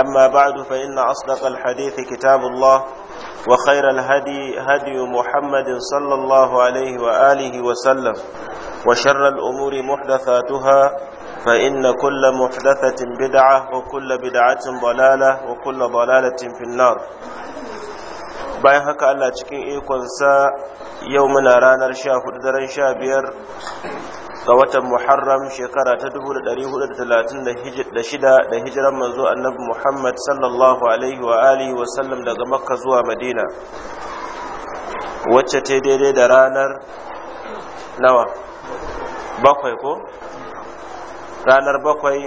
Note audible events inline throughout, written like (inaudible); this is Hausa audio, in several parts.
أما بعد فإن أصدق الحديث كتاب الله وخير الهدي هدي محمد صلى الله عليه وآله وسلم وشر الأمور محدثاتها فإن كل محدثة بدعة وكل بدعة ضلالة وكل ضلالة في النار bayan haka Allah cikin ikonsa yau muna ranar sha hudu daren sha biyar ga watan Muharram shekara ta 1436 da hijiran manzo Annabi Muhammad sallallahu alaihi wa alihi wa sallam daga Makka zuwa Madina wacce ta daidai da ranar nawa bakwai ko ranar bakwai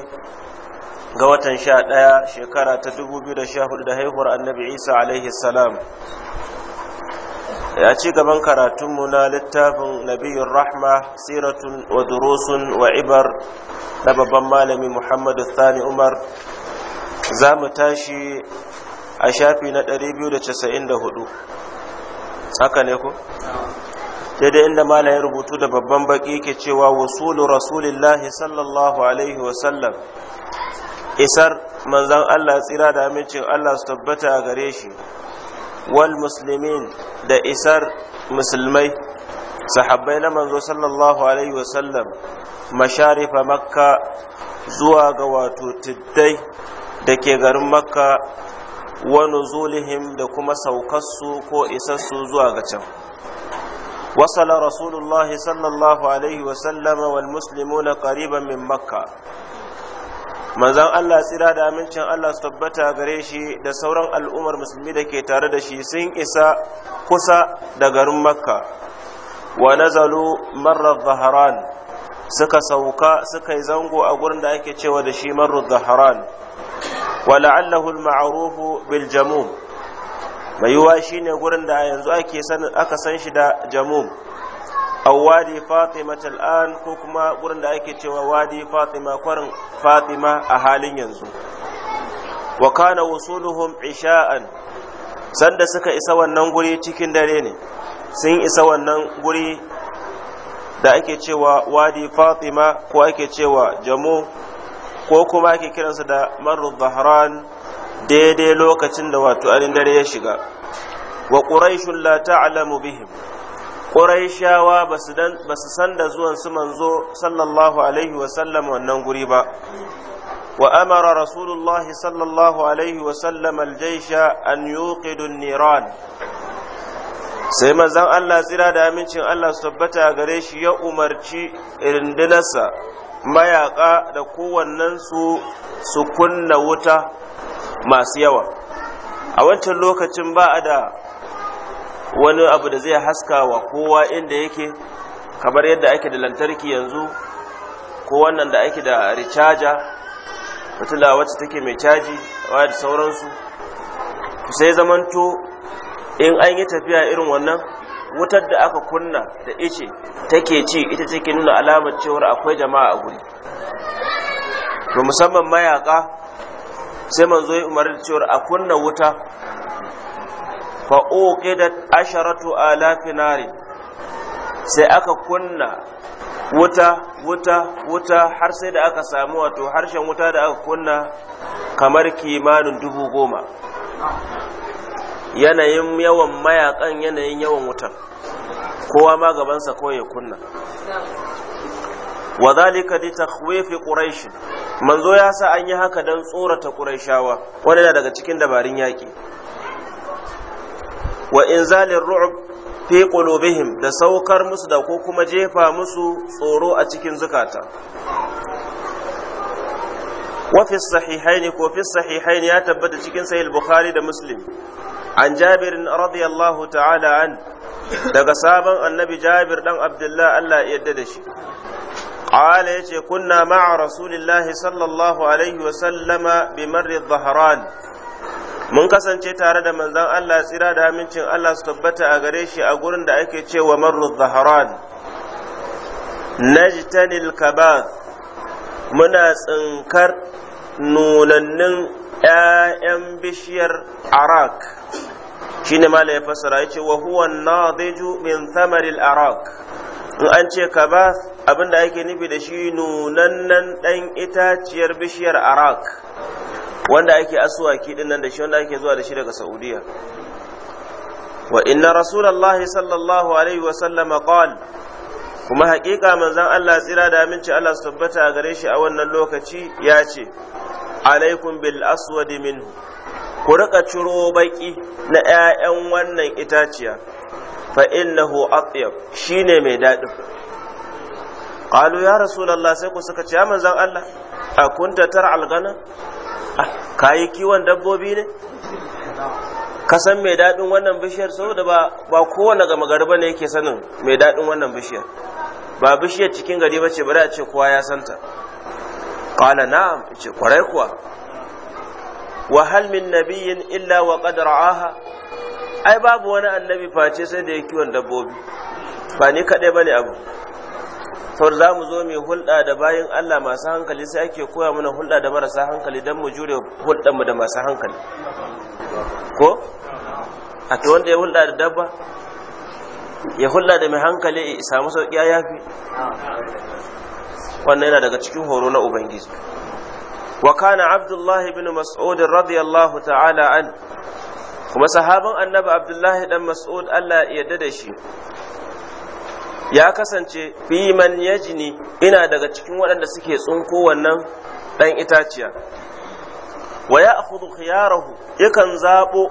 ga watan sha ɗaya shekara ta 2014 da haihuwar Annabi Isa alaihi salam ya ci gaban karatunmu na littafin nabiyun rahma siratun wa durusun wa ibar na babban malami muhammadu thani umar za mu tashi a shafi na 294 saka ne ku? daidai inda malayin rubutu da babban baki ke cewa wasulu rasulillahi sallallahu alaihi wasallam isar manzan allah tsira da amincin allah su tabbata a gare shi wal muslimin da isar musulmai sahabbai na manzo sallallahu alaihi wasallam masharifa makka zuwa ga wato tiddai da ke garin makka wa nuzulihim da kuma saukarsu ko isassu zuwa ga can wasala rasulullahi sallallahu alaihi الله wal وسلم والمسلمون قريبا من makka. manzan Allah tsira da amincin Allah su tabbata gare shi da sauran al'ummar musulmi da ke tare da shi sun isa kusa da garin makka wa nazalu marar zaharan suka sauka suka yi zango a gurin da ake cewa da shi marar zaharan wa la'allahul ma'arufu bil jamum mai yiwuwa shine gurin da yanzu aka san shi da jamum A wadi fatima al'an ko kuma gurin da ake cewa wadi fatima kwarin fatima a halin yanzu wa kana wusuluhum isha'an sanda suka isa wannan guri cikin dare ne sun isa wannan guri da ake cewa wadi fatima ko ake cewa jamo ko kuma ake kiransa da marar zahran daidai lokacin da wato arin dare ya shiga wa quraishun la ta'lamu bihim ƙuraishawa ba su san da zuwan su manzo sallallahu alaihi wasallam wannan guri ba wa amara rasulullahi sallallahu alaihi wasallam aljaisha an yuqidun niran sai mazan Allah tsira da amincin Allah su tabbata gare shi ya umarci rindinarsa mayaƙa da kowannensu su kunna wuta masu yawa a wancan lokacin ba a da wani abu da zai haska wa kowa inda yake kamar yadda ake da lantarki yanzu ko wannan da ake da ricaja fitila wacce take mai caji waya da sauransu sai zamanto in an yi tafiya irin wannan wutar da aka kunna da ice take ci ita take nuna alamar cewar akwai jama'a a guri to musamman mayaka sai manzo ya umarar cewar a kunna wuta fa'uƙidat asharatu alafi nari sai aka kunna wuta wuta wuta har sai da aka samu wato harshen wuta da aka kunna kamar kimanin dubu goma yanayin yawan mayakan yanayin yawan wutan kowa ma gabansa kawai ya kunna wa zalika li takhwifi quraish manzo ya sa an yi haka dan tsorata quraishawa wanda daga cikin dabarun yaki wa inzalin ru'ub fi qulubihim da saukar musu da ko kuma jefa musu tsoro a cikin zukata wa fi sahihaini ko fi sahihaini ya tabbata cikin sahih bukhari da muslim an jabir radiyallahu ta'ala an daga sabon annabi jabir dan abdullah Allah yadda yarda da shi قال يجي كنا مع رسول الله صلى الله عليه وسلم بمر الظهران mun kasance tare da manzon Allah tsira da amincin Allah su tabbata a gare shi a gurin da ake cewa marru zaharan najtanil kabath muna tsinkar nunannin ‘ya'yan bishiyar arak shine mala ya fassara yace wa huwa nadiju min thamaril arak in an ce kabath abinda ake nufi da shi nunannen ɗan itaciyar bishiyar arak wanda ake asuwaki din nan da shi wanda ake zuwa da shi daga saudiya wa inna rasulallahi sallallahu alaihi wa sallama qala kuma haƙiƙa manzon Allah tsira da aminci Allah su tabbata a gare shi a wannan lokaci ya ce alaikum bil aswadi minhu ku rika ciro baki na 'ya'yan wannan itaciya fa innahu atyab shine mai daɗi. qalu ya rasulullah sai ku suka ce ya manzon Allah akunta tar algana kayi kiwon dabbobi ne ka mai daɗin wannan bishiyar saboda ba ba kowane gama gari ne yake sanin mai daɗin wannan bishiyar ba bishiyar cikin gari ba ce bari a ce kowa ya santa Kwana na'am ce kwarai kuwa wa min nabiyyin illa wa qad aha ai babu wani annabi face sai da ya kiwon dabbobi ba ni ba ne abu kawar za mu zo mai hulɗa da bayan Allah masu hankali sai ake koya mana hulɗa da marasa hankali don mu jure hulɗanmu da masu hankali ko a ta wanda ya hulɗa da dabba ya hulɗa da mai hankali ya samu sauƙi ya yafi wannan yana daga cikin horo na ubangiji wa kana abdullahi bin mas'ud radiyallahu ta'ala an kuma sahaban annabi abdullahi dan mas'ud Allah ya yarda da shi ya kasance fi man yajni ina daga cikin waɗanda suke tsunko wannan ɗan itaciya wa ya akhudhu khiyarahu yakan zaɓo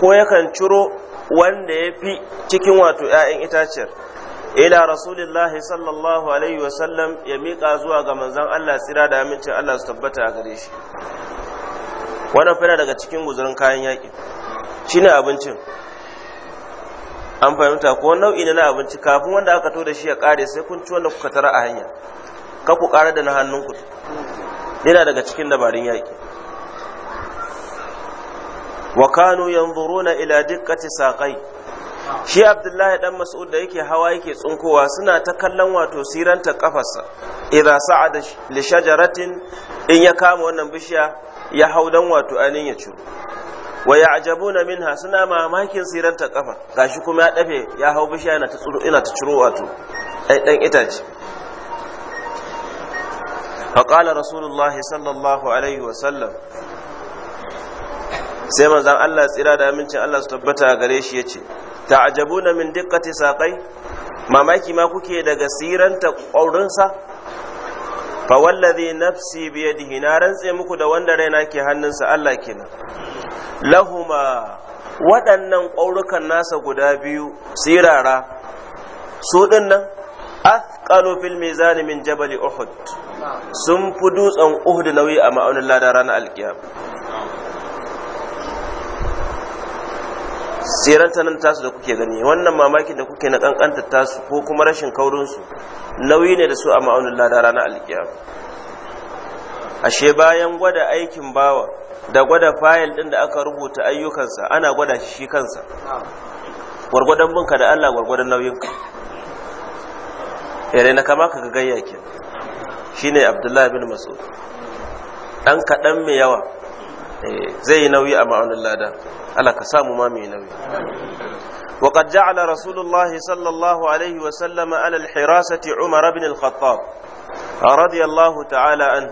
ko yakan ciro wanda ya fi cikin wato ‘ya'yan itaciyar ila rasulillahi sallallahu alaihi wasallam ya miƙa zuwa ga manzan Allah tsira da amincin Allah su tabbata a gare shi wannan fina daga cikin guzurin kayan yaƙi shine abincin an fahimta ko nau'i na abinci kafin wanda aka to da shi ya kare sai kun ci wanda kuka tara a hanya ka ku kare da na hannun ku. yana daga cikin dabarun yaƙi wa kanu yanzuruna ila dikkati saqai shi abdullahi dan mas'ud da yake hawa yake tsunkowa suna ta kallon wato siranta kafarsa idza sa'ada li shajaratin in ya kama wannan bishiya ya hau dan wato anin ya ciro wa ajabuna minha suna mamakin sirar ta kafa gashi kuma ya dafe ya hau bishiya na ta tsuru ina ta ciro wato ai dan itace fa qala rasulullah sallallahu alaihi wa sallam sai manzon Allah tsira da amincin Allah su tabbata gare shi yace Ta'ajabuna min diqqati saqai mamaki ma kuke daga siranta ƙaurinsa fa wallazi nafsi biyadihi na rantse muku da wanda raina ke hannunsa Allah kenan lahuma waɗannan ƙwaurukan nasa guda biyu sirara su ɗinnan athqalu fil mizani min jabal uhud sun fi dutsen uhud nauyi a ma'aunin lada ranar alkiyama siran nan tasu da kuke gani wannan mamakin da kuke na kankanta tasu ko kuma rashin kaurinsu nauyi ne da su a ma'aunin lada ranar alkiyama ashe bayan gwada aikin bawa da gwada fayil ɗin da aka rubuta ayyukansa ana gwada shi kansa gwargwadon binka da Allah gwargwadon nauyinka yare eh, na kama ka gayya ke ne abdullahi bin mas'ud Ɗan kaɗan mai yawa eh, zai yi nauyi a ma'aunin lada Allah ka samu ma mai nauyi وقد جعل رسول الله صلى الله عليه وسلم على الحراسة عمر بن الخطاب رضي الله تعالى عنه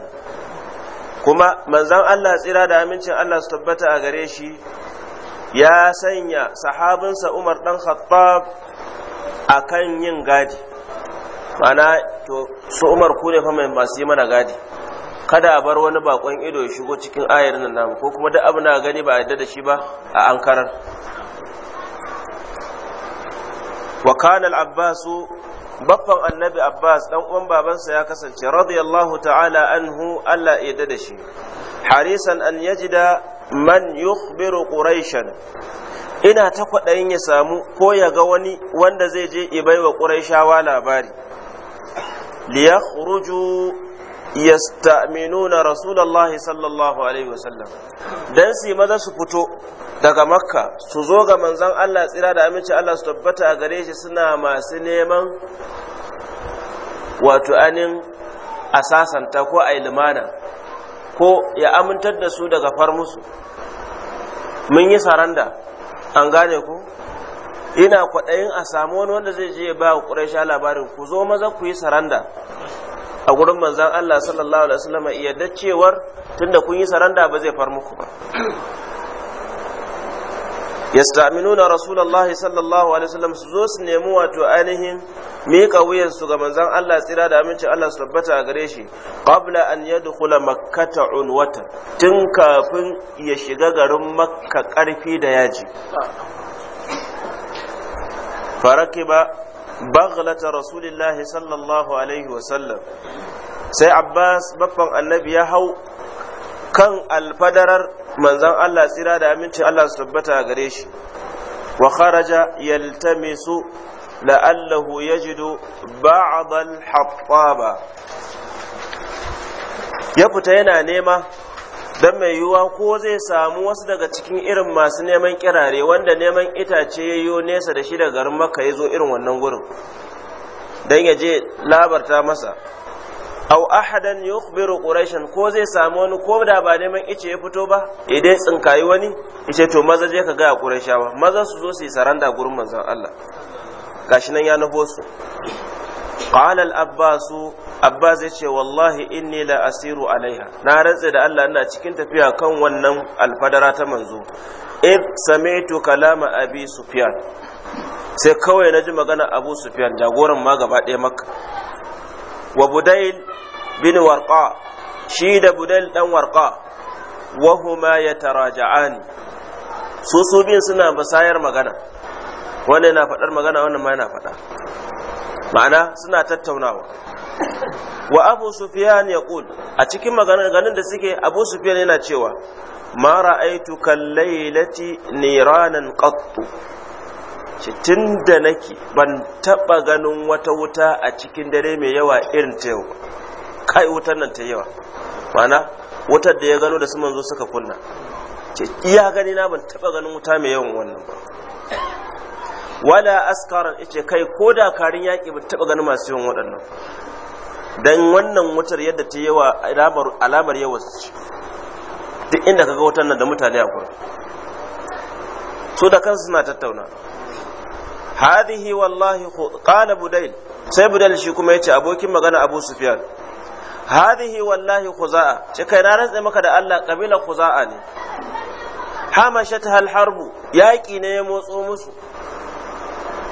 kuma manzan Allah tsira da amincin Allah su tabbata a gare shi ya sanya sahabinsa Umar ɗan Khattab a kan yin gadi mana to su Umar ku ne fa masu yi mana gadi kada a bar wani bakon ido ya shigo cikin ayar nan namu ko kuma duk abu na gani ba a yadda da shi ba a ankarar wa kana al-abbasu baffan annabi abbas dan uwan babansa ya kasance radiyallahu ta'ala anhu allah ya da shi harisan an yajida man yukhbiru quraishan ina ta kwaɗayin ya samu ko ya ga wani wanda zai je ibaiwa quraishawa labari liyakhruju yasta'minuna rasulullahi sallallahu alaihi wasallam dan su maza su fito daga makka su zo ga manzon Allah tsira da aminci Allah su tabbata a gare shi suna masu neman wato anin asasanta ko a limana ko ya amintar da su daga far musu mun yi saranda an gane ku ina kwaɗayin a samu wani wanda zai je ba ƙuraisha labarin ku zo maza ku yi saranda a gurin manzan Allah sallallahu alaihi wasallam yadda cewar tunda kun yi saranda ba zai far muku ba yasta'minuna rasulullahi sallallahu alaihi wasallam su zo su nemi wato ainihin miƙa wuyansu ga manzan Allah tsira da amincin Allah su tabbata a gare shi qabla an yadkhula makkata unwata tun kafin ya shiga garin makka karfi da yaji farakiba baghlata rasulillahi sallallahu alaihi wasallam sai abbas baffan annabi ya hau kan alfadarar manzan allah tsira da amincin allah su tabbata a gare shi wa kharaja yaltamisu la'allahu yajidu ba'd al haɓaba. ya fita yana nema don mai yiwuwa ko zai samu wasu daga cikin irin masu neman kirare wanda neman itace ya yi nesa da shi da garin maka ya zo irin wannan gurin don ya je labarta masa au ahadan yukhbiru quraishan ko zai samu wani ko da ba neman ice ya fito ba idan tsinkayi wani ice to maza je ka ga quraishawa maza su zo su yi saranda gurin manzan Allah gashi nan ya nufo su qala al abbasu abbas ya ce wallahi inni la asiru alaiha na rantse da allah ina cikin tafiya kan wannan alfadara ta manzo id sami'tu kalama abi sufyan sai kawai na ji magana abu sufyan jagoran ma gaba ɗaya maka wa budail bin warqa shi da budail dan warqa wa huma yatarajaan su su biyun suna basayar magana wannan na faɗar magana wannan ma yana faɗa ma'ana suna tattaunawa wa abu sufiyan ya kul a cikin maganganun da suke abu sufiyan yana cewa ma ra'aitu laylati niranan qattu shi tun da nake ban taba ganin wata wuta a cikin dare mai yawa irin ta yau kai wutar nan ta yawa mana wutar da ya gano da su manzo suka kunna ce iya gani na ban taba ganin wuta mai yawan wannan ba wala askaran ice kai ko da karin yaki ban taba ganin masu yawan waɗannan dan wannan wutar yadda ta yi wa alamar yawa duk inda kaga wutar nan da mutane a gurin su da kansu suna tattauna Hadihi wallahi qala budail sai budail shi kuma ya ce abokin magana abu sufyan Hadihi wallahi ku ce kai na rantsa maka da Allah kabila za'a ne hamashatha ta harbu Yaƙi ne ya motso musu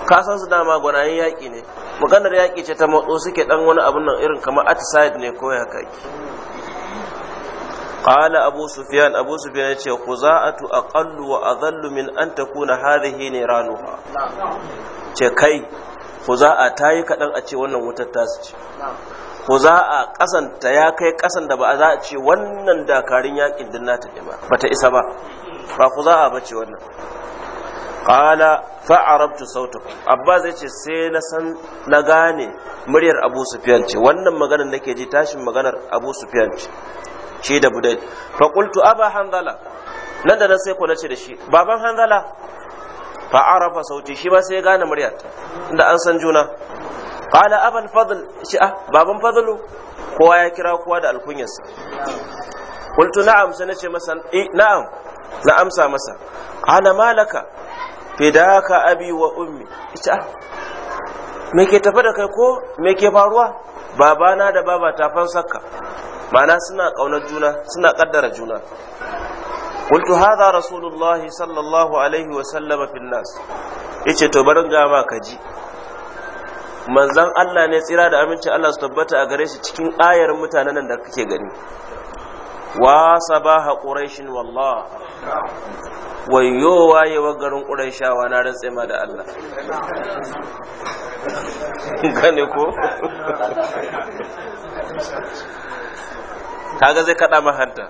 Kasansu dama gwanayen yaƙi ne maganar yaƙi ce ta matso suke ɗan wani abin nan irin kamar atisaid ne ko ya kaki qala abu sufyan abu sufyan yace quza'atu aqallu wa adhallu min an takuna hadhihi niranuha ce kai quza'a tayi kaɗan a ce wannan wutar ta su ce quza'a kasan ta ya kai kasan da ba za a ce wannan dakarun yaƙin din nata ne ba ta isa ba ba quza'a bace wannan qala fa arabtu sautaka abba zai ce sai na san na gane muryar abu sufyan ce wannan maganar nake ji tashin maganar abu sufyan ce shi da budai fa qultu aba hanzala nan da nan sai ko nace da shi baban hanzala fa arafa sauti shi ba sai ya gane muryarta inda an san juna qala aban fadl shi ah baban fadlu kowa ya kira kowa da alkunyarsa qultu na'am sai nace masa eh, na'am na amsa masa ana malaka fidaka abi wa ummi ita me ke tafi da kai ko me ke faruwa babana da baba ta fansarka Mana suna ƙaunar juna suna ƙaddara juna قلت هذا رسول الله صلى الله عليه وسلم في الناس yace to barin ga ma kaji manzon Allah ne tsira da aminci Allah su tabbata a gare shi cikin ayar mutanen nan da kake gani wa sabaha quraishin wallah wayo wa garin wa na rantse ma da Allah gane ko kaga zai kaɗa hanta.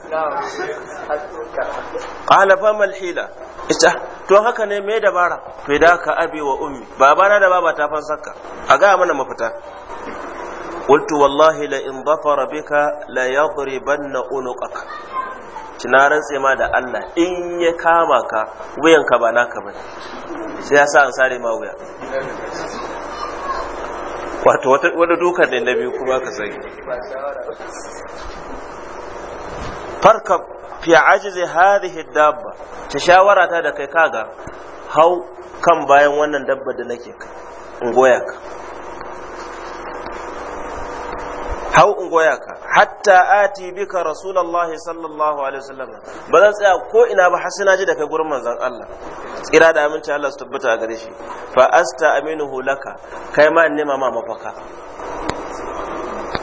ƙala fa malhila ita to haka ne mai dabara fida ka abi wa ummi babana da baba ta fansaka a gaya mana mafita قلت والله لئن ظفر بك ليضربن عنقك ci na rantse ma da Allah in ya kama ka wuyanka ba naka ba sai ya sa an sare ma wuya wato wani dukan ne na biyu kuma ka sani farka fi ajizi hadhihi dabba ta shawara ta da kai kaga hau kan bayan wannan dabba da nake in goya ka hau in goya ka hatta ati bika rasulullahi sallallahu alaihi wasallam ba zan tsaya ko ina ba hasina na ji da kai gurin manzon Allah tsira da aminci Allah su tabbata a gare shi fa asta aminuhu laka kai ma nema ma mafaka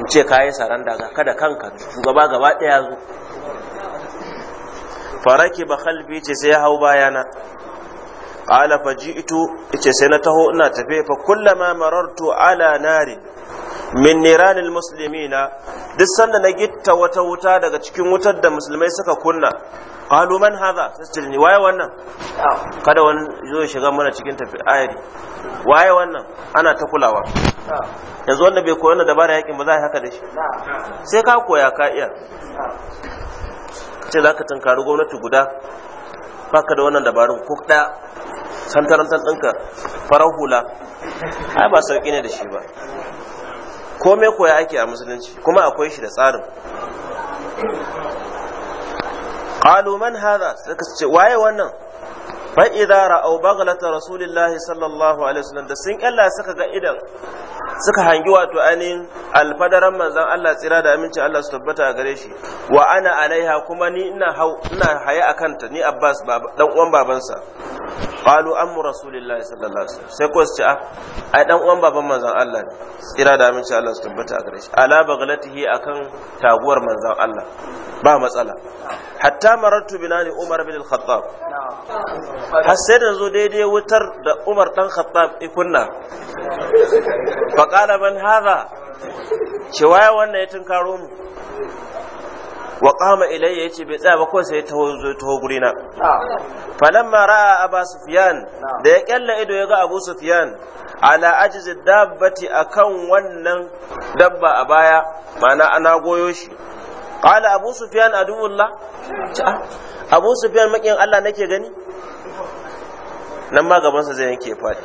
in ce kayi saran daga kada kanka shugaba gaba daya zo faraki ba khalfi ce sai ya hau bayana qala faji'tu ce sai na taho ina tafe fa kullama marartu ala narin min niranil muslimina duk sanda na gitta wata wuta daga cikin wutar da musulmai suka kunna qalu man hadha tasjilni waye wannan kada wani zo shiga mana cikin tafi ayari waye wannan ana ta kulawa yanzu wanda bai koyi dabara yakin ba za a yi haka da shi sai ka koya ka iya ce za ka tunkari gwamnati guda baka da wannan dabarun ko ɗaya santarantar ɗinka farar hula ai ba sauƙi ne da shi ba komai koya ake a musulunci kuma akwai shi da tsarin qalu man hadha suka waye wannan fa idza ra'aw baghlata rasulillahi sallallahu alaihi wasallam da sun Allah suka ga idan suka hangi wato ainihin alfadaran manzon Allah tsira da aminci Allah su tabbata gare shi wa ana alaiha kuma ni ina hau ina haye akan ta ni Abbas dan uwan babansa qalu ammu rasulillahi sallallahu alaihi wasallam sai ko su a ah, ai dan uwan baban manzon Allah ne tsira da aminci Allah su tabbata a gare shi ala baghlatihi akan taguwar manzon Allah ba matsala hatta marartu binani Umar bin al-Khattab har sai zo daidai wutar da Umar dan Khattab ikunna fa qala man hadha ce waya wannan ya tunkaro mu wa qama ilayya yace bai tsaya ba ko sai ta zo guri na falamma ra'a aba sufyan da ya kyalla ido ya ga abu sufyan ala ajzi dabbati akan wannan dabba a baya mana ana goyo shi qala abu sufyan la? abu sufyan makin Allah nake gani nan ma gabansa zai yanke fadi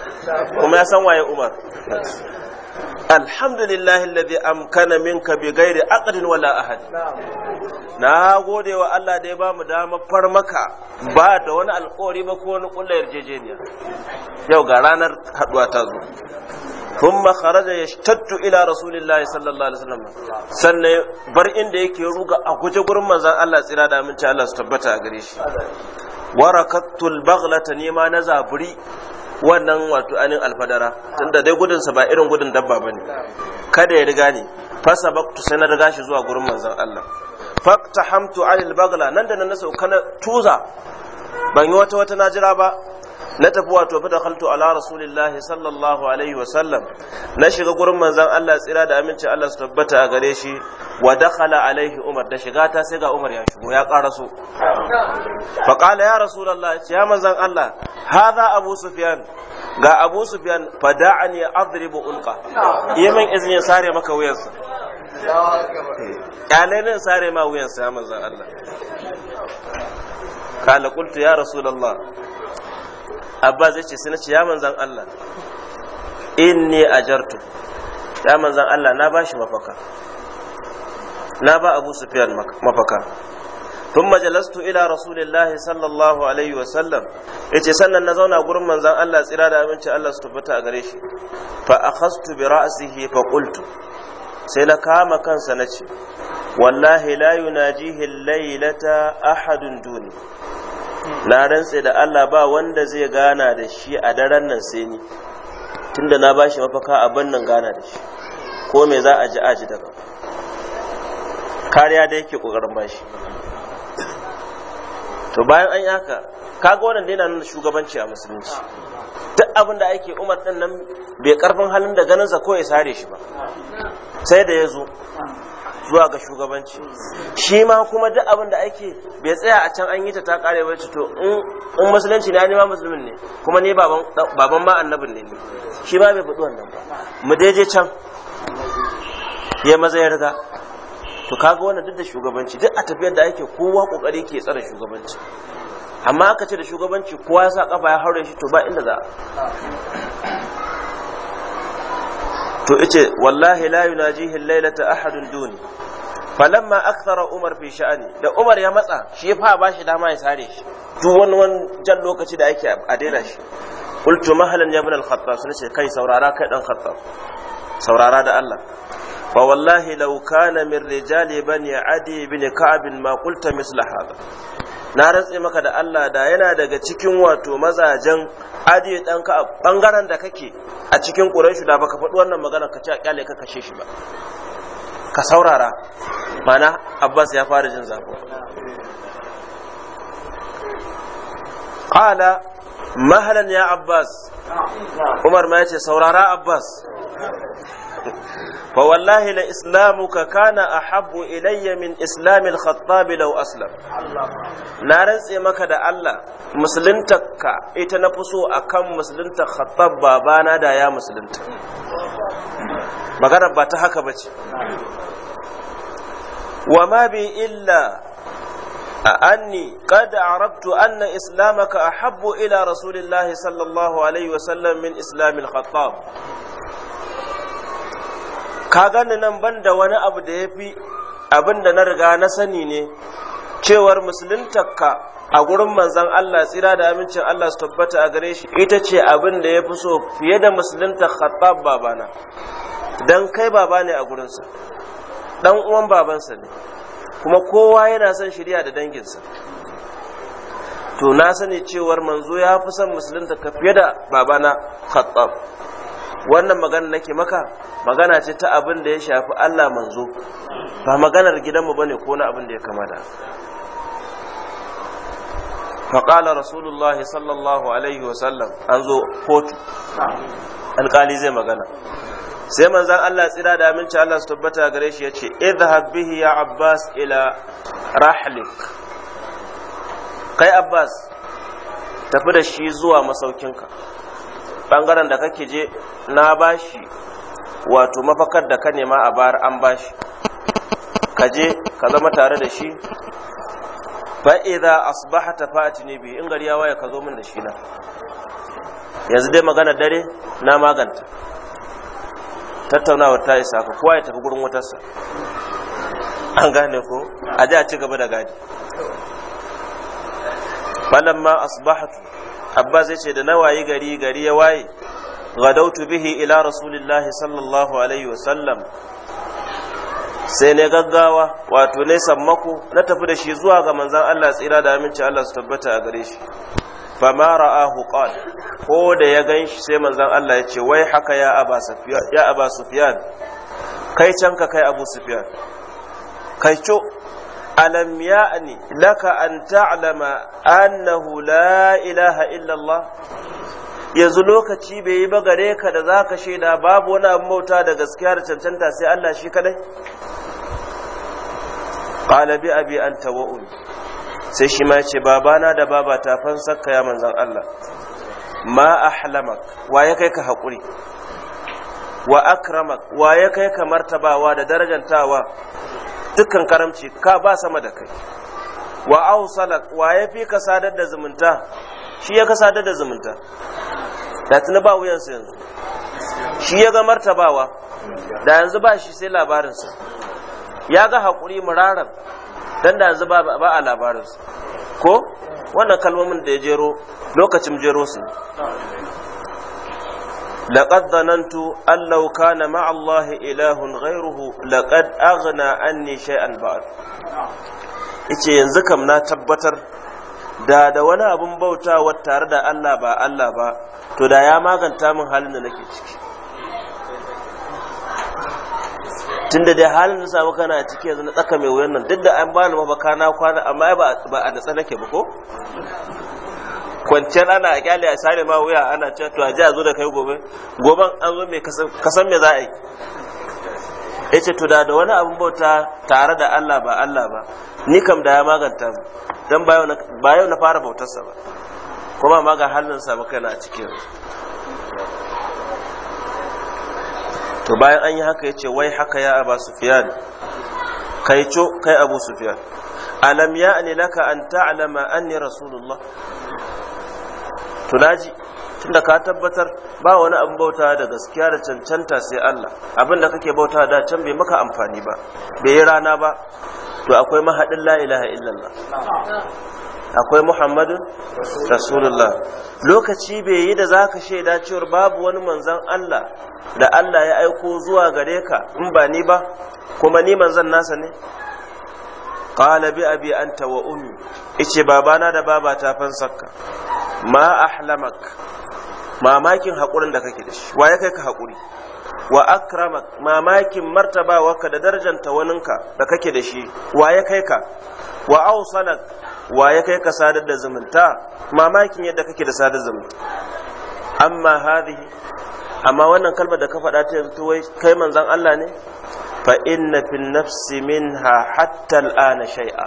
kuma ya san waye umar Alhamdulillahi alladhi amkana minka bi ghairi aqdin wala ahad na gode wa Allah da ya bamu dama farmaka. maka ba da wani alƙawari ba ko wani kullu yarjejeniya yau ga ranar haduwa ta zo thumma kharaja yashtattu ila rasulillah sallallahu alaihi wasallam sannan bar inda yake ruga a guje gurin manzon Allah tsira damin aminci su tabbata a gare shi warakattul baghlata nema na zaburi wannan wato anin alfadara tunda dai gudunsa ba irin gudun dabba bane kada ya riga ni fasa baktu sai na riga shi zuwa gurin manzon Allah fakta hamtu alil bagla nan da nan na sauka na tuza ban yi wata wata na jira ba na tafi wato fa dakhaltu ala rasulillahi sallallahu alaihi wa sallam na shiga gurin manzon Allah tsira da aminci Allah su tabbata a gare shi wa dakhala alaihi Umar da shiga ta sai ga Umar ya shigo ya karaso fa qala ya rasulullah ya manzon Allah hadha Abu Sufyan ga Abu Sufyan fa da'ani adribu ulqa yamin izini sare maka wuyansa kyalai ne sare ma wuyansa ya manzon Allah kala qultu ya rasulullah abba zai ce sai na ce ya manzan Allah inni ajartu ya manzan Allah na ba shi mafaka na ba abu sufiyan mafaka tun majalastu ila rasulillahi sallallahu alaihi wasallam ya ce sannan na zauna gurin manzan Allah tsira da aminci Allah su tabbata a gare shi fa akhastu bi ra'sihi fa qultu sai na kama kansa na ce wallahi la yunajihi laylata ahadun duni na rantse da Allah ba wanda zai gana da shi a daren nan sai ni tunda na bashi mafaka a nan gana da shi ko me za a ji a ji daga kariya da yake kokarin bashi to bayan an yaka, kaga wannan dai na nuna shugabanci a musulunci duk abin da ake umar din nan bai karfin halin da ganin sa ko ya sare shi ba sai da ya zo zuwa ga shugabanci shi ma kuma duk abin da ake bai tsaya a can an yi ta ta kare ba to in musulunci ne nima musulmin ne kuma ne baban ma annabin ne shi ma bai fudu wannan ba mu dai je can ya maza ya riga to kaga wannan duk da shugabanci duk a tafiyar da ake kowa kokari ke tsare shugabanci amma aka ce da shugabanci kowa ya sa kafa ya haure shi to ba inda za to ice wallahi la yunajihi laylata ahadun duni falamma akthara umar fi sha'ani da umar ya matsa shi fa ba shi dama ya sare shi duk wani wani jan lokaci da ake a daina shi qultu mahalan ya ibn al-khattab sun ce kai saurara kai dan khattab saurara da Allah fa wallahi law kana min rijali bani adi ibn ka'ab ma qulta misla hada na rantse maka da Allah da yana daga cikin wato mazajen adi dan ka bangaren da kake a cikin quraishu da baka faɗi wannan magana ka ce a kyale ka kashe shi ba ka saurara mana abbas ya fara jin zafo qala mahalan ya abbas umar ma ce saurara abbas fa wallahi la islamuka kana a habbu ilayya min islamil al-khattab law aslam na rantse maka da Allah musuluntarka ita na fuso akan musuluntar khattab babana da ya musulunta magana ba ta haka ba ce. wa ma bi illa a anni qad arabtu anna islamaka ahabbu ila rasulillahi sallallahu alaihi wa sallam min islamil khattab ka gani nan banda wani abu da yafi abin da na riga na sani ne cewar musuluntarka a gurin manzan Allah tsira da amincin Allah su tabbata a gare shi ita ce abin da ya fi so fiye da musulunta khattab babana dan kai baba ne a gurinsa dan uwan babansa ne kuma kowa yana son shirya da danginsa to na sani cewar manzo ya fi son musulunta ka fiye da babana khattab wannan magana nake maka magana ce ta abin da ya shafi Allah manzo ba maganar gidanmu bane ko na abin da ya kamata faƙala rasulullahi sallallahu alaihi wasallam an zo kotu alƙali zai magana sai manzan Allah tsira da aminci Allah su tabbata gare shi ya ce idhab bihi ya Abbas ila rahlik kai Abbas tafi da shi zuwa masaukinka bangaren da kake je na bashi wato mafakar da ka nema a bar an bashi ka je ka zama tare da shi fa idza asbahta ne bi in gari ya waye ka zo min da shi na yanzu dai magana dare na maganta tattaunawar ta isa ka kowa ya tafi gurin watarsa. an gane ko a ji a ci gaba da gadi ma asbahatu abba zai ce da na wayi gari gari ya waye gadautu bihi ila rasulillahi sallallahu alaihi wasallam sai ne gaggawa wato ne mako na tafi da shi zuwa ga manzan Allah tsira da aminci Allah su tabbata a gare shi famara ra'ahu qal ko da ya ganshi sai manzon Allah ya ce wai haka ya aba sufyan ya aba sufyan kai canka kai abu sufyan kai co alam ya'ni laka an ta'lama annahu la ilaha illa Allah yanzu lokaci bai yi ba gare ka da zaka shaida babu wani abu mauta da gaskiya da cancanta sai Allah shi kadai qala bi abi anta wa ummi sai shi ma ce babana da baba ta fansakka ya manzan Allah ma ahlamak wa ya kai ka haƙuri wa akramak wa ya kai ka martabawa da darajantawa dukkan karamci ka ba sama da kai wa ausalak wa ya fi ka sadar da zumunta shi ya ka sadar da zumunta da tuni ba wuyansu yanzu shi ya ga martabawa da yanzu ba shi sai labarinsa ya ga haƙuri murarar dan da yanzu ba a su. ko wannan kalmomin da ya jero lokacin jero su لقد ظننت أن لو كان مع الله إله غيره لقد ice yanzu kam na tabbatar da da wani abun bauta tare da Allah ba Allah ba to da ya maganta min halin da nake ciki tunda dai halin da samu kana cikin yanzu na tsaka mai wuyan nan duk da an bani mafa na kwana amma ba a natsa nake ba ko kwanciyar ana a kyale a sare ma wuya ana cewa to a ji a zo da kai gobe goben an zo mai kasan me za a yi ya ce to da da wani abin bauta tare da Allah ba Allah ba ni kam da ya maganta mu don ba yau na fara bautarsa ba kuma ma ga halin sa kana a cikin to bayan an yi haka ya ce wai haka ya aba sufiyan kai co kai abu sufiyan alam ya ne laka an ta'lama anni rasulullah to naji tunda ka tabbatar ba wani abin bauta da gaskiya da cancanta sai Allah abin da kake bauta da can bai maka amfani ba bai yi rana ba to akwai mahadin la ilaha illallah akwai muhammadun rasulullah lokaci bai yi da zaka shaida cewar babu wani manzon Allah da Allah ya aiko zuwa gare ka in ba ni ba kuma ni manzan nasa ne qala bi abi anta wa ummi ice babana da baba ta fansakka ma ahlamak mamakin haƙurin da kake da shi wa ya kai ka haƙuri wa akramak mamakin martabawarka da darajanta waninka da kake da shi wa ya kai ka wa ausanak wa ya kai ka sadar da zumunta mamakin yadda kake da sadar zumunta amma hadhihi amma wannan kalmar da ka faɗa ta yanzu wai kai manzan Allah ne fa inna fi nafsi minha hatta al'ana shay'a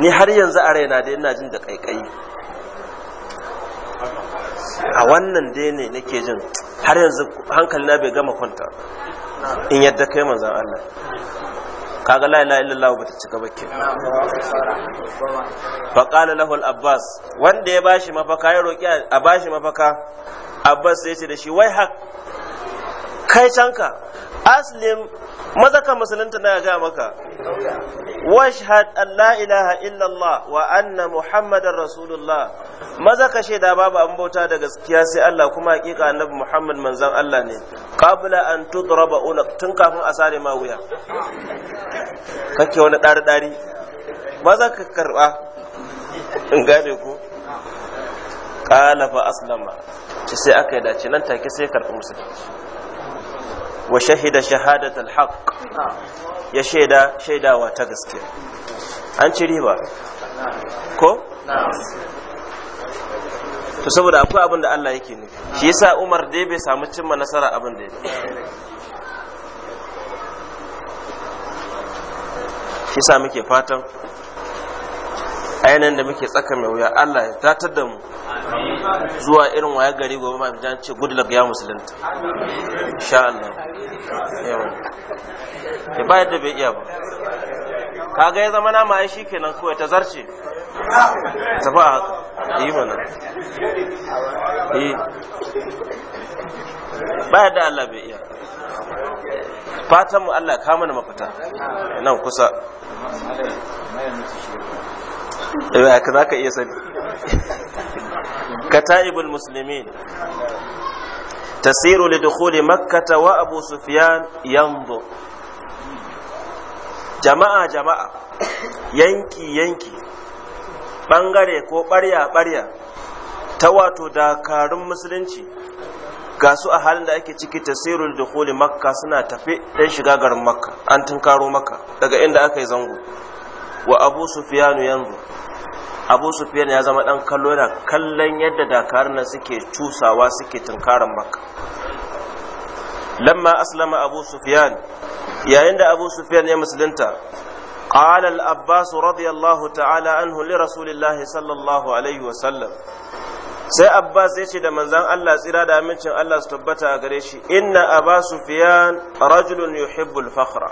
ni har yanzu a raina da ina jin da kaikai a wannan dai ne nake jin har yanzu hankalina bai gama kwanta in yadda kai manzan Allah kaga la ilaha illallah bata cika ba ke fa qala lahu al abbas wanda ya bashi mafaka ya roki a bashi mafaka abbas ya ce da shi wai hak kai canka aslim maza ka musulunta na ga maka washhad an la ilaha illallah wa anna muhammadar rasulullah maza ka shaida babu an bauta da gaskiya sai Allah kuma hakika annabi muhammad manzon Allah ne qabla an tudraba unak tun kafin a sare ma wuya kake wani dari dari maza ka karba in gane ku qala fa aslama ci sai aka yi dace nan take sai karɓi musulunci wa shahida shahadat alhaq ya shaida shaidawa ta gaskiya an ci riba ko to saboda akwai abin da Allah yake nufi shi yasa Umar dai bai samu cimma nasara abin da yake shi yasa muke fatan ainihin da muke tsaka mai wuya Allah ya tatar da mu zuwa irin waya gari gobe ma jan ce good luck ya musulunta insha Allah yawa ya eh, ba yadda bai iya ba kaga ya zama nama ai shikenan kawai ta zarce tafi a haka yi mana yi ba yadda Allah bai iya fatan mu Allah ka mana mafita nan kusa da eh, ka za ka iya sani كتائب المسلمين تسير لدخول مكة وأبو سفيان ينظر جماعة جماعة ينكي ينكي ɓangare ko ɓarya-ɓarya ta wato dakarun musulunci ga su a halin da ake ciki tasirul da makka suna tafi dan shiga garin makka an tunkaro makka daga inda aka yi zango wa abu sufiyanu yanzu abu sufiyan ya zama dan kallo yana kallon yadda dakar nan suke cusawa suke tunkaran makka lamma aslama abu sufiyan yayin da abu sufiyan ya musulunta قال الأباس رضي ta'ala تعالى عنه لرسول الله صلى الله عليه sai abbas ya ce da manzan allah tsira da amincin allah su tabbata a gare shi inna Abu sufiyan rajulun yuhibbul fakhra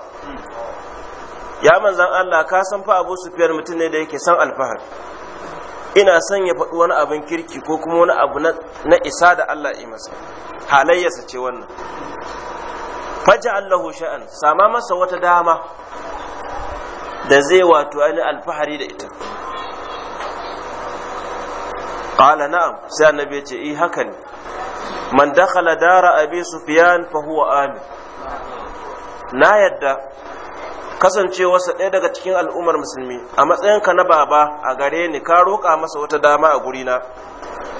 ya manzan allah ka san fa abu sufiyan mutum ne da yake san alfahar. ina son ya faɗi wani abin kirki ko kuma wani abu na isa da Allah yi masa halayyarsa ce wannan faja Allahu sha'an sama masa wata dama da zai wato ani alfahari da ita qala na'am sai annabi ya ce eh haka ne man dakhala dara abi sufyan fa huwa amin na yadda kasancewarsa ɗaya daga cikin al'ummar musulmi a matsayinka na baba a gare ni ka roƙa masa wata dama a gurina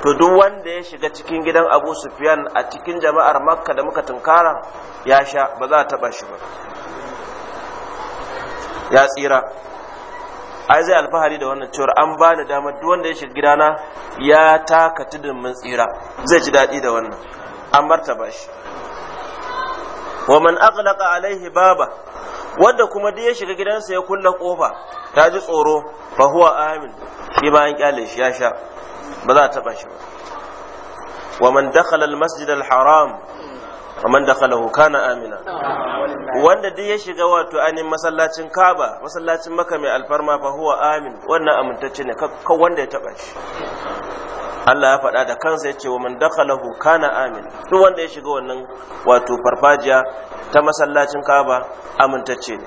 to duk wanda ya shiga cikin gidan abu sufyan a cikin jama'ar makka da muka tunkara ya sha ba za a taɓa shi ba ya tsira ai zai alfahari da wannan cewar an bani dama duk wanda ya shiga gidana ya taka tudun mun tsira zai ji daɗi da wannan an martaba shi wa man aghlaqa alaihi baba wanda kuma duk ya shiga gidansa ya kulle kofa ta ji tsoro fa huwa amin shi ma an kyale shi ya sha ba za a taba shi ba wa man dakhala al masjid al haram wa man dakhalahu kana amina wanda duk ya shiga wato anin masallacin kaba masallacin Makka mai alfarma fa huwa amin wannan amintacce ne kan wanda ya taba shi Allah ya faɗa da kansa ya ce wa man dakhalahu kana amin duk wanda ya shiga wannan wato farfajiya ta masallacin Kaaba amintacce ne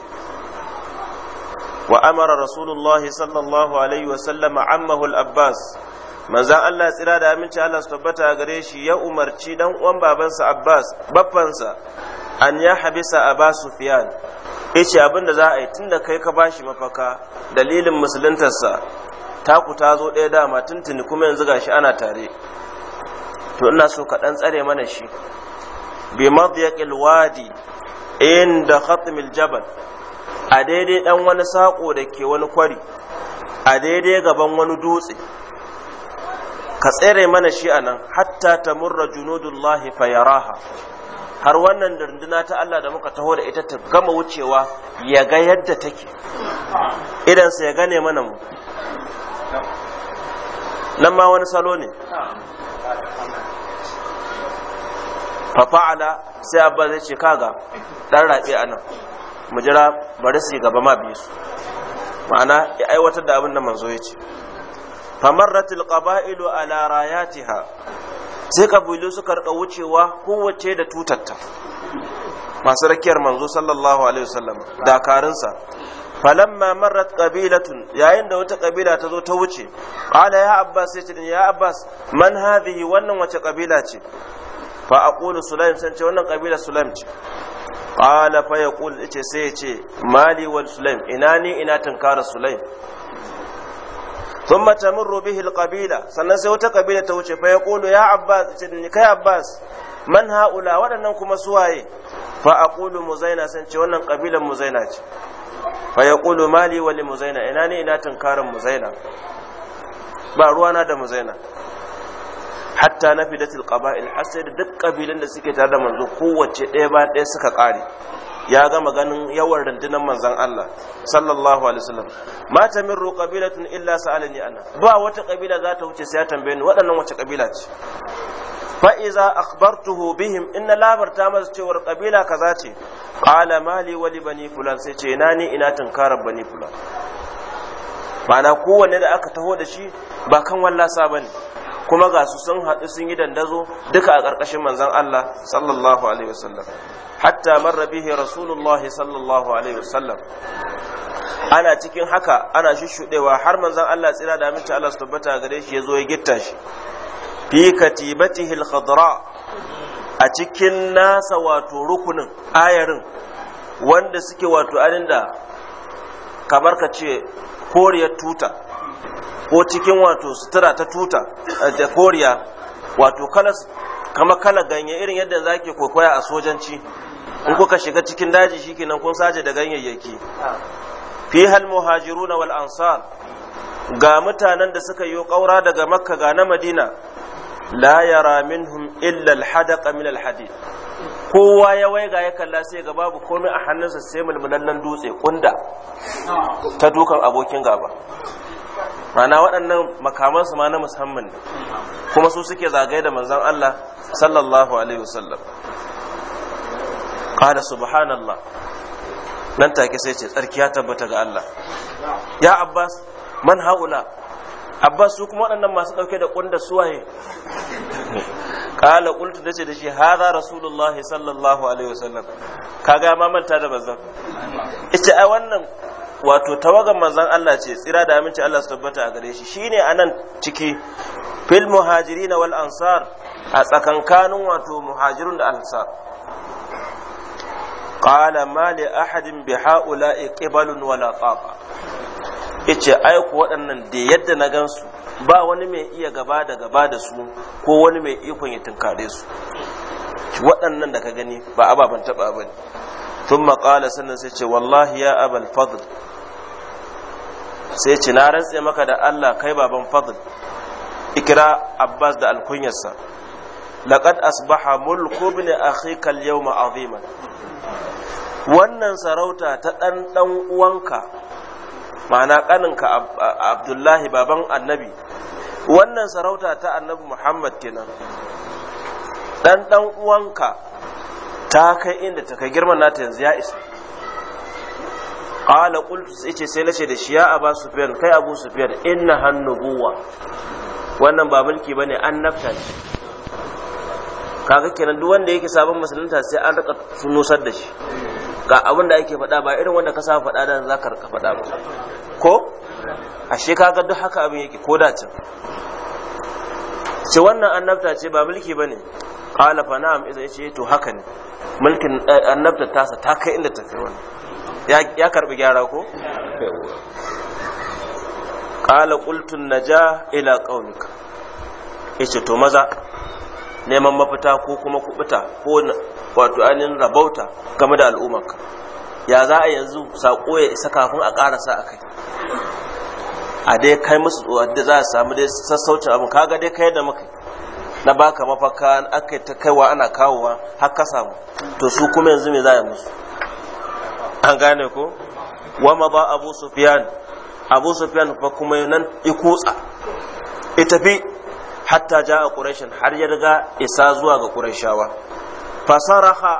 wa amara rasulullah sallallahu alaihi wa sallam ammahu al-Abbas manzan Allah tsira da aminci Allah su tabbata gare shi ya umarci dan uwan babansa Abbas baffansa an ya habisa Aba Sufyan yace abin da za a yi tunda kai ka bashi mafaka dalilin musuluntarsa taku ta zo ɗaya dama tuntuni kuma yanzu ga shi ana tare to ina so ka ɗan tsare mana shi bi madyaqil wadi inda khatmil jabal a daidai ɗan wani saƙo da ke wani kwari a daidai gaban wani dutse ka tsere mana shi a nan hatta ta murra junudullahi fayaraha har wannan danduna ta Allah da muka taho da ita ta gama wucewa ya ga yadda take idansa ya gane mana mu nan ma wani salo ne fafa'ala sai abba zai ce kaga dan rabe a nan mu jira bari su gaba ma biyu su ma'ana ya aiwatar da abin da manzo ya ce famarratil qaba'ilu ala rayatiha sai kabilu suka rika wucewa kowace da tutatta masu rakiyar manzo sallallahu alaihi wasallam dakarinsa falamma marrat qabilatun yayin da wata kabila ta zo ta wuce qala ya abbas sai ce ya abbas man hadhihi wannan wace kabila ce fa aqulu sulaim san ce wannan kabila sulaim ce qala fa yaqul ce sai ya ce mali wal sulaim ina ni ina tankara sulaim thumma tamurru bihi al qabila sannan sai wata kabila ta wuce fa yaqulu ya abbas ce kai abbas man haula waɗannan kuma suwaye fa aqulu muzaina san ce wannan kabilan muzaina ce fa mali wali muzaina ina ne ina tunkarin muzaina ba ruwana da muzaina hatta na fidatul qaba'il har duk kabilan da suke tare da manzo kowace ɗaya ba ɗaya suka ƙare ya gama ganin yawan rundunar manzon Allah sallallahu alaihi wasallam ma tamirru qabilatun illa sa'alani ana ba wata kabila za ta wuce sai ya tambaye ni waɗannan wace kabila ce fa'iza akhbartuhu bihim in na labarta masa cewar kabila kaza ce qala mali wali bani fulan sai ce na ni ina tunkarar bani fulan ma'ana kowanne da aka taho da shi ba kan wallasa ne kuma ga su sun haɗu sun yi dandazo duka a ƙarƙashin manzan Allah sallallahu alaihi wasallam hatta marra bihi rasulullah sallallahu alaihi wasallam ana cikin haka ana shushuɗewa har manzan Allah tsira da aminci Allah su tabbata gare shi ya zo ya gitta shi fi katibatihi al-khadra a cikin nasa wato rukunin ayarin wanda suke wato anin da kamar ka ce koriyar tuta ko cikin wato sutura ta tuta eh, da koriya wato kama kala ganye irin yadda zake kokoya a sojanci in kuka shiga cikin daji shikenan kun saje da ganyayyaki fi hal muhajiruna wal ansar ga mutanen da suka yi ƙaura daga makka ga na madina la yara minhum illa alhadaqa min alhadi kowa ya waiga ya kalla sai ga babu komai a hannunsa sai mulmulallen dutse kunda ta dukan abokin gaba mana waɗannan makamansu ma na musamman ne kuma su suke zagaye da manzan Allah sallallahu alaihi wasallam qala subhanallah nan take sai ce tsarki ya tabbata ga Allah ya abbas man haula abbas su kuma waɗannan masu ɗauke da ƙunda suwaye kala qultu dace da shi hadha rasulullahi sallallahu alaihi wasallam kaga ma manta da bazan? ita ai wannan wato tawagan manzan Allah ce tsira da aminci Allah su tabbata a gare shi shine anan ciki fil muhajirin wal ansar a tsakankanin wato muhajirun da ansar qala mali ahadin bi haula'i qibalun wala yace aiko waɗannan da yadda na gansu ba wani mai iya gaba da gaba da su ko wani mai ikon ya tunkare su waɗannan da ka gani ba ababen taɓa ba ne tun maƙala sannan sai ce wallahi ya abal fadl sai ce na rantse maka da allah kai baban fadl ikira abbas da alkunyarsa laqad asbaha mulku ibn akhika yawma aziman wannan sarauta ta ɗan ɗan uwanka ma'ana kaninka abdullahi baban annabi wannan sarauta ta annabi muhammad kenan dan dan uwanka ta kai inda ta kai girman nata yanzu ya isa qala qultu sai ce sai lace da shi ya aba sufyan kai abu sufyan inna hannubuwa wannan ba mulki bane annabta ne kaga kenan duk wanda yake sabon musulunta sai an rika tunusar da shi ga abin da ake faɗa ba irin wanda ka sa faɗa da za ka rika faɗa ba ko ashe ka ga duk haka abin yake ko da can ce wannan annabta ce ba mulki ba ne ƙala fa na'am iza ya ce eh, to haka ne mulkin eh, annabta tasa ta kai inda ta kai wani ya karbi gyara ko ƙala ƙultun ja ila ƙaunika ya ce to maza neman mafita ko kuma kubuta ko wato ainihin rabauta game da al'ummarka ya za a yanzu saƙo ya isa kafin a ƙarasa a kai a dai kai musu da za a samu dai sassaucin abin kaga dai kai da muka na baka mafaka aka ta kaiwa ana kawowa har ka samu to su kuma yanzu me za a musu an gane ko wama ba abu sufiyan abu sufiyan fa kuma nan ikutsa ita tafi. hatta ja a quraishin har ya riga isa zuwa ga quraishawa fasaraha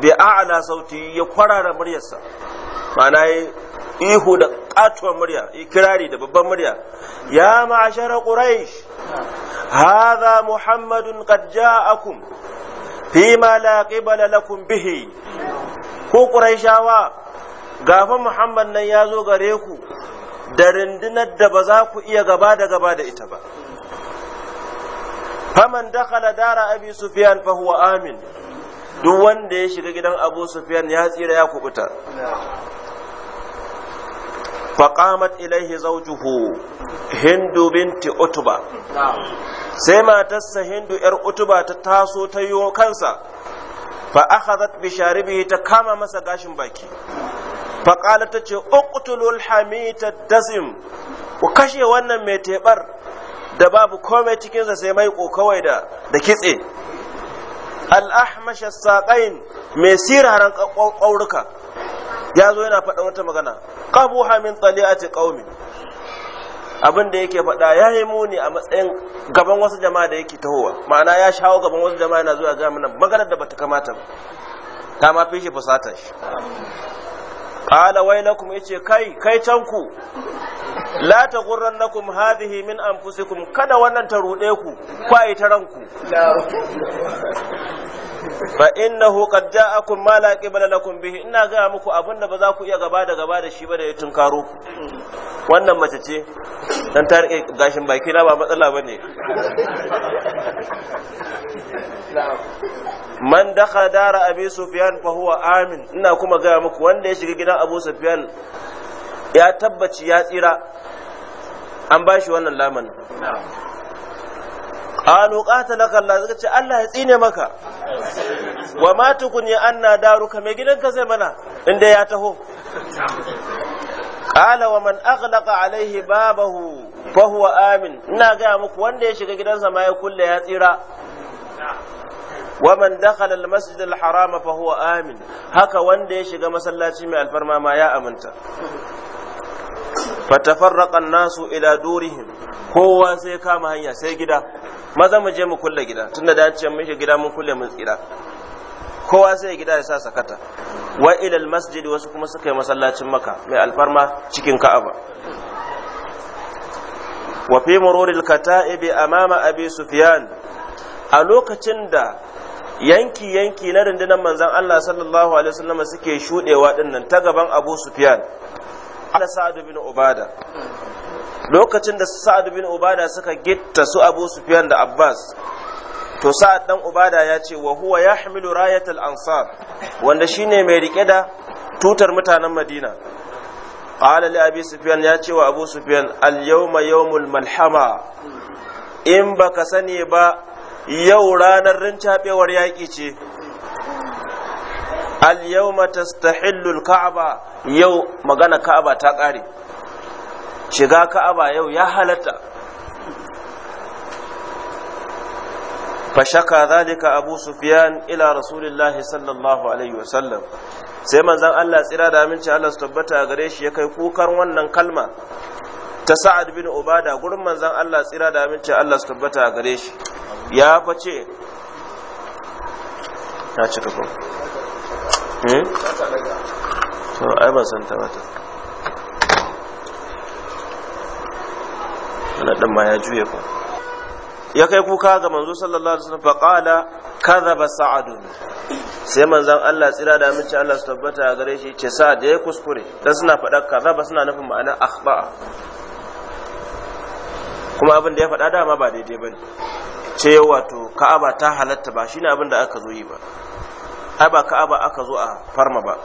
bi a'la sauti ya kwarara muryarsa ma'ana ihu da katuwar murya ikirari da babban murya ya ma'ashara quraish hadha muhammadun qad ja'akum ma la qibala lakum bihi Ko quraishawa gafa muhammad nan ya zo gare ku da rundunar da ba za ku iya gaba da gaba da ita ba faman dakhala dara abi sufyan fa huwa amin duk wanda ya shiga gidan abu sufyan ya tsira ya kubuta qamat ilaihi zawjuhu hindu binti utba sai matarsa hindu yar utba ta taso ta yo kansa fa akhadhat bi sharibihi ta kama masa gashin baki fa qalat ta ce uqtulul hamita dasim ku kashe wannan mai tebar da babu komai cikinsa sai mai kawai da kitse al'ahmash saƙain mai siraran ƙaurika ya zo yana faɗa wata magana qabuha min tali'ati qaumin abin da yake faɗa ya yi muni a matsayin gaban wasu jama'a da yake tahowa ma'ana ya shawo gaban wasu jama'a yana zuwa ga maganar da bata kamata ba ta ma fi shi fusatash. shi qala wailakum yace kai kai canku la taghurrannakum hadhihi min anfusikum kada wannan ta rude ku kwa ita ranku fa innahu qad ja'akum ma la qibla lakum bihi ina ga muku abinda ba za ku iya gaba da gaba da shi ba da ya tunkaro wannan mace ce dan ta rike gashin baki na ba matsala bane man daka dara abi sufiyan fa huwa amin ina kuma gaya muku wanda ya shiga gidan abu sufiyan ya tabbaci ya tsira an ba shi wannan laman qalu qatalaka Allah zaka ce Allah ya tsine maka wa ma tukuni anna daruka mai gidanka zai mana inda ya taho qala wa man aghlaqa alaihi babahu fa amin ina gaya muku wanda ya shiga gidansa ma ya kulle ya tsira wa man dakhala al-masjid al-haram fa huwa amin haka wanda ya shiga masallaci mai alfarma ma ya aminta fatafarraqa an-nasu ila durihim kowa sai kama hanya sai gida maza mu je mu kulle gida tunda da an ce mun shiga gida mun kulle mun tsira kowa sai gida ya sa sakata wa ila al-masjid wasu kuma suka yi masallacin maka mai alfarma cikin ka'aba wa fi mururil kata'ibi amama abi sufyan a lokacin da yanki yanki na rundunar manzan Allah sallallahu alaihi wasallam suke shudewa dinnan ta gaban Abu Sufyan ala Sa'ad bin Ubada lokacin da Sa'ad bin Ubada suka gitta su Abu Sufyan da Abbas to Sa'ad dan Ubada ya ce wa huwa yahmilu rayatul ansar wanda shine mai rike da tutar mutanen Madina qala li Abi Sufyan ya ce wa Abu Sufyan al yawma yawmul malhama in baka sani ba yau ranar rincaɓewar yaƙi ce al-yawma tastahillu kaaba yau magana ka'aba ta ƙare shiga ka'aba yau ya halatta fashaka zalika abu sufyan ila rasulillahi sallallahu alaihi wasallam sai manzan Allah tsira da aminci Allah su tabbata gare shi ya kai kukan wannan kalma ta sa'ad bin ubada gurin manzan Allah tsira da aminci Allah su tabbata gare shi ya face ta cika ko eh to ai ba san ta wata Allah dan ma ya juye fa ya kai kuka ga manzo sallallahu alaihi wasallam faqala kadhaba sa'adun sai manzon Allah tsira da aminci Allah su tabbata gare shi ce sa da ya kuskure dan suna faɗa kadhaba suna nufin ma'ana akhba kuma abin da ya faɗa dama ba daidai bane ce wato ka'aba ta halatta ba shine abin da aka zo yi ba ai ba ka'aba aka zo a farma ba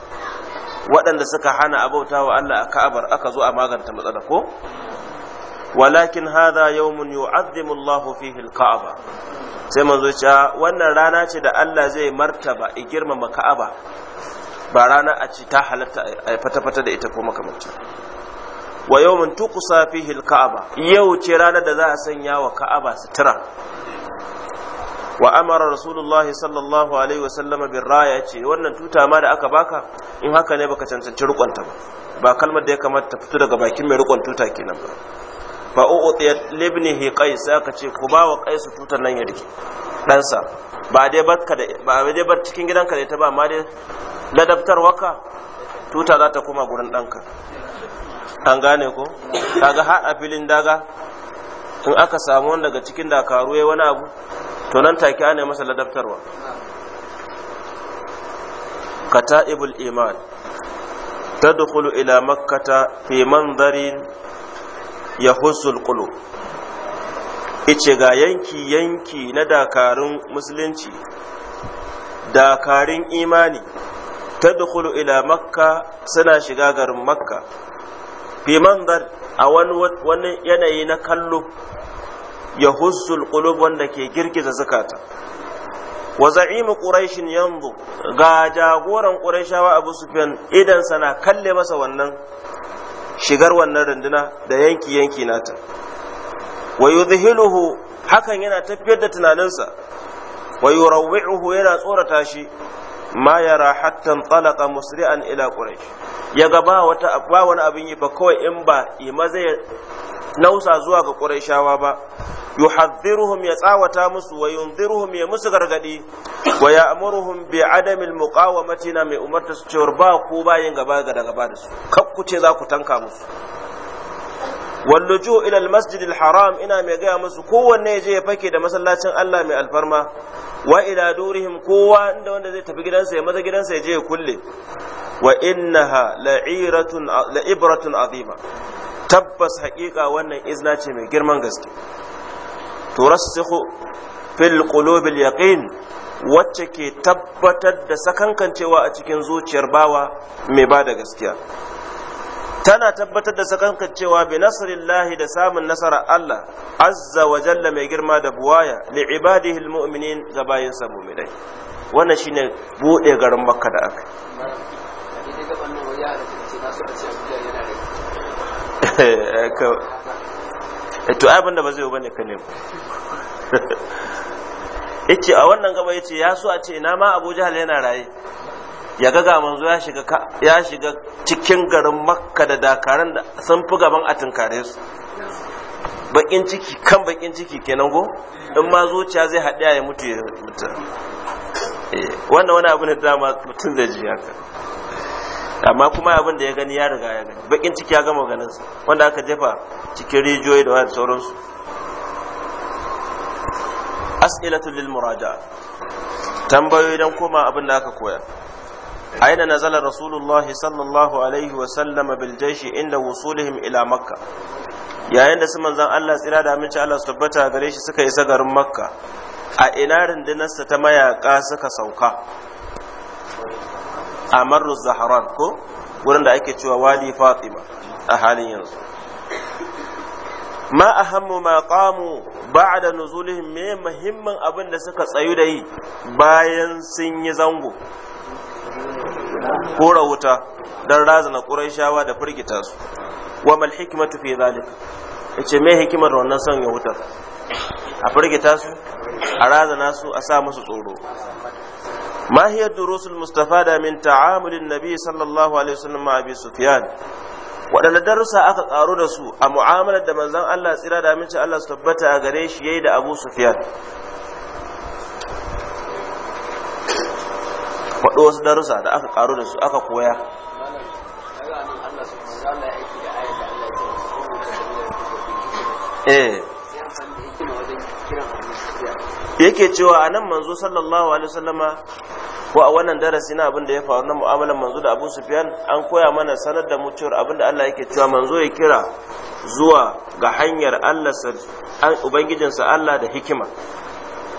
waɗanda suka hana abauta wa Allah a ka'abar aka zo a maganta matsala ko walakin hadha yawmun yu'azzimu Allah fihi al-ka'aba sai manzo cewa ah, wannan rana ce da Allah zai martaba i girmama ka'aba ba rana a ci ta halatta a fata-fata da ita ko makamanta wa yawmun tuqsa fihi al-ka'aba yau ce ranar da za a sanya wa ka'aba sutura wa amara rasulullahi sallallahu alaihi wasallama bin raya ce wannan tuta ma da aka baka in haka ne baka cancanci rukunta ba ba kalmar da ya kamata ta fito daga bakin mai rukun tuta kenan ba fa libni hi qais aka ce ku ba wa qais tutar nan ya rike ɗansa ba dai barka da ba dai bar cikin gidanka da ta ba amma dai ladabtar waka tuta za ta koma gurin ɗanka an gane ko kaga har a filin daga in aka samu wani daga cikin dakaru ya wani abu to nan take ana masa ladabtarwa kata'ibul iman tadkhulu ila makkata fi manzarin yahussul qulub ice ga yanki yanki na dakarun musulunci dakarun imani tadkhulu ila makka suna shiga garin makka fi manzarin a wani yanayi na kallo ya huzzul qulub wanda ke girgiza zakata wa za'imu quraishin yanzu ga jagoran quraishawa abu sufyan idan sana kalle masa wannan shigar wannan runduna da yanki yanki nata wa yudhiluhu hakan yana tafiyar da tunaninsa wa yurawwi'uhu yana tsorata shi ma yara hatta talaqa musri'an ila quraish ya ga ba wata ba wani abin yi ba kawai in ba yi maza ya nausa zuwa ga quraishawa ba yuhadhdhiruhum ya tsawata musu wa yunziruhum ya musu gargadi wa ya'muruhum bi adami almuqawamati na mai umarta su cewa ba ko bayin gaba ga ba da su kakkuce za ku tanka musu walluju ila almasjid haram ina mai gaya musu kowanne ya je ya fake da masallacin Allah mai alfarma wa ila durihim kowa inda wanda zai tafi gidansa ya maza gidansa ya je ya kulle wa innaha la'iratun azima tabbas haƙiƙa wannan izna ce mai girman gaske turassihu fil qulubil yaqin wacce ke tabbatar da sakankancewa a cikin zuciyar bawa mai ba da gaskiya tana tabbatar da sakankancewa bi nasrillahi da samun nasara Allah azza wa jalla mai girma da buwaya li ibadihi almu'minin ga bayinsa mu'minai wannan shine bude garin makka da aka Eh, eh, eh, to abin da ba zai yi bane ka nemo (laughs) yace a wannan gaba yace ya so a ce ina ma Abu Jahal yana raye ya ga ga manzo ya shiga ya shiga cikin garin Makka da dakaran da sun fi gaban a tunkare su bakin ciki kan bakin ciki kenan go in ma zuciya zai haɗe ya mutu ya mutu wannan wani abu ne da mutum zai ji haka amma kuma abin da ya gani ya riga ya gani bakin ciki ya gama ganin sa wanda aka jefa cikin rijiyoyi da wani su as'ilatul lil muraja tambayoyi dan koma abin da aka koya aina nazala rasulullah sallallahu alaihi wa sallama bil jaishi inda wusulihim ila makka yayin da su manzon Allah tsira da aminci Allah su tabbata gare shi suka isa garin makka a ina rundunarsa ta mayaka suka sauka a marar zaharan ko wurin da ake cewa wali fatima a halin yanzu ma a hamu ma kamu ba da nuzulihim me muhimmin abin da suka tsayu da yi bayan sun yi zango ko wuta don razana ƙuraishawa da firgita su wa mal hikmatu fi zalika yace me hikimar wannan ya wutar a firgita su a razana su a sa musu tsoro ما هي الدروس المستفادة من تعامل النبي صلى الله عليه وسلم مع أبي سفيان waɗanda darussa aka ƙaru da su a mu'amalar da manzon Allah tsira da aminci Allah tabbata a gare shi yayi da Abu Sufyan faɗo wasu darussa da aka ƙaru da su aka koya eh yake cewa anan manzo sallallahu alaihi wasallama ko a wannan darasi na abin da ya faru na mu'amalar manzo da Abu Sufyan an koya mana sanar da mu cewar abin da Allah yake cewa manzo ya kira zuwa ga hanyar Allah ubangijinsa Allah da hikima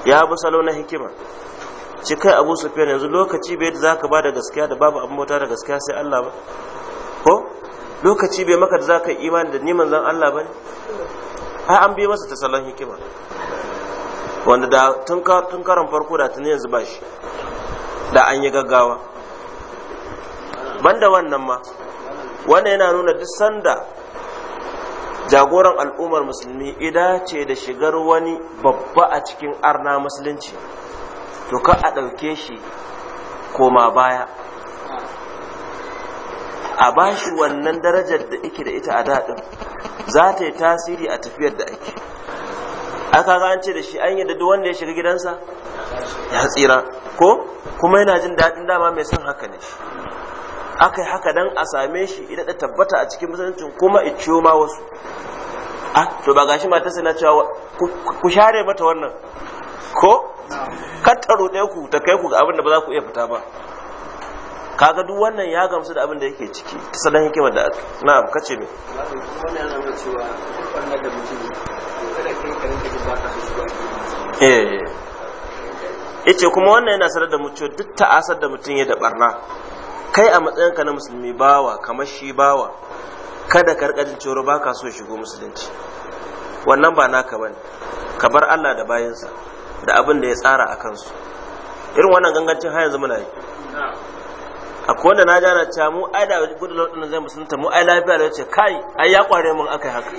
ya bi salo na hikima ci kai Abu Sufyan yanzu lokaci bai za ka ba da gaskiya da babu abin bauta da gaskiya sai Allah ba ko lokaci bai maka da za ka imani da ni manzon Allah ba ne ai an bi masa ta salon hikima wanda da tun karon farko da tun yanzu ba shi da an yi gaggawa banda wannan ma wannan yana nuna duk sanda jagoran al'ummar musulmi ida ce da shigar wani babba a cikin arna musulunci to ka a ɗauke shi koma baya a bashi wannan darajar da ike da ita a daɗin za ta yi tasiri a tafiyar da ake aka ga an ce da shi an yi da wanda ya shiga gidansa ya tsira ko kuma yana jin daɗin dama mai son haka ne aka yi haka dan a same shi idan da tabbata a cikin musulunci kuma ciyo ma wasu a ah, to ba gashi mata na cewa ku share mata wannan ko kattaro ɗaya ku ta kai ku ga abin da ba za ku iya fita ba kaga duk wannan ya gamsu da abin da yake ciki ta sadan hikimar da na'am kace ne eh, eh, eh. yace kuma wannan yana sanar da mu cewa duk ta'asar da mutum ya da barna kai a matsayinka na musulmi bawa kamar shi bawa kada ka rika cewa ba ka so shigo musulunci wannan ba naka bane ka bar Allah da bayansa da abin da ya tsara a kansu irin wannan gangancin har yanzu muna yi akwai wanda na jana ta mu ai da gudu lordin zai musulunta mu ai lafiya da yace kai ai ya kware mun akai haka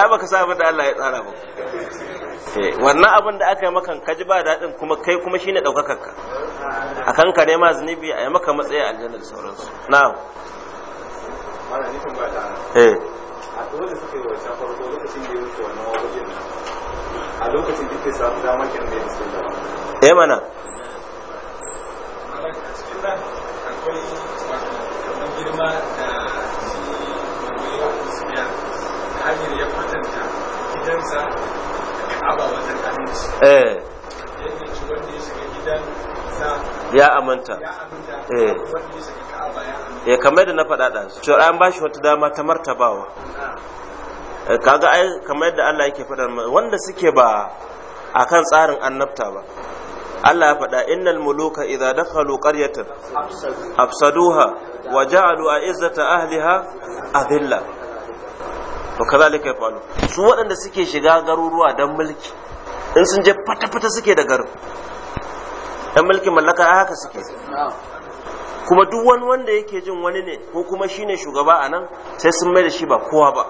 da baka sa abin da Allah ya tsara ba eh, wannan abin da aka yi maka kaji ba daɗin kuma kai kuma shine ɗaukakar ka a kan ka ma zunubi a yi maka matsayi a aljanna da sauransu na eh a dole suke wancan farko lokacin da ya wuce wannan wajen a lokacin da ke samu dama kenan da ya suke da eh mana girma Eh. ya amanta ya eh. eh, kamar da na faɗa su cewa an bashi wata dama ta martabawa ah. kaga ai kamar yadda Allah yake faɗa wanda suke ba akan tsarin annabta ba Allah ya faɗa innal muluka idza dakhalu qaryatan afsaduha wa ja'alu a'izzata ahliha adilla to kazalika falo. su waɗanda suke shiga garuruwa don mulki in sun je fata-fata suke da garu don mulkin mallaka a haka suke kuma duk wani wanda yake jin wani ne ko kuma shine shugaba a nan sai sun mai da shi ba kowa ba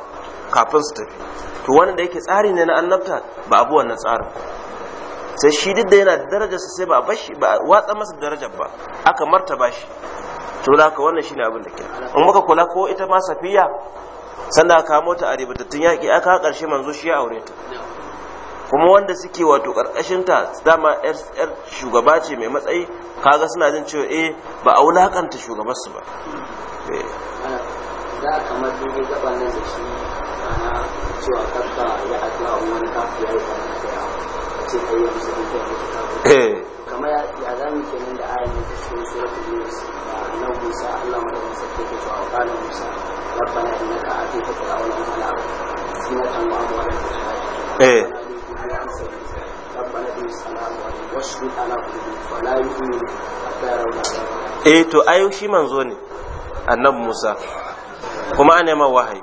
kafin su tafi to wani da yake tsari ne na annabta ba abu wannan tsarin sai shi duk da yana da darajarsa sai ba bashi ba watsa masa darajar ba aka martaba shi to da haka wannan shine abin da ke in muka kula ko ita ma safiya sanda aka mota ta a ribatattun yaƙi aka ƙarshe manzo shi ya aure ta kuma wanda suke wato ƙarƙashin ta dama yar shugaba ce mai matsayi kaga suna jin cewa eh ba a wulaƙanta shugabar su ba eh. za a kamar sun yi gaban nan da shi ana cewa karka ya a wani kafin ya yi ɓarna da a ce kai ya musu dukkan ta kafi eh. kamar ya zami kenan da ayyukan da suke suratul yunus da na musa allah madawin sarki ke cewa wa ƙarin musa Eh. eh to ayo shi manzo ne annabi Musa kuma ana ma wahayi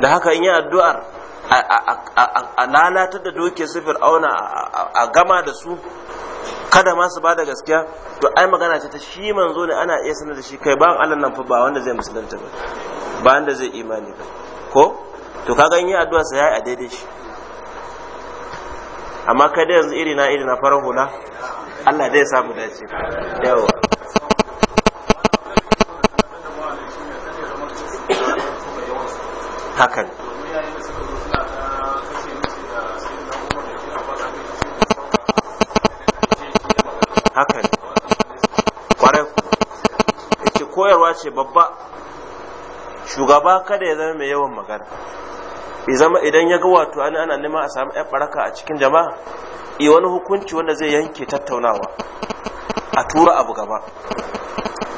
da haka in yi addu'ar a lalatar da doke su fir'auna a gama da su kada ma su bada gaskiya to ai magana ce ta shi manzo ne ana iya sanar da shi kai ba Allah nan fa ba wanda zai musulunta ba ba wanda zai imani ba ko to ka ganye addu'a sa yayi a daidai shi amma kada yanzu iri na iri na farar hula Allah dai samu dace yawa shugaba kada ya zama mai yawan magana zama idan ya ga wato ana ana neman a samu yan baraka a cikin jama'a i wani hukunci wanda zai yanke tattaunawa a tura abu gaba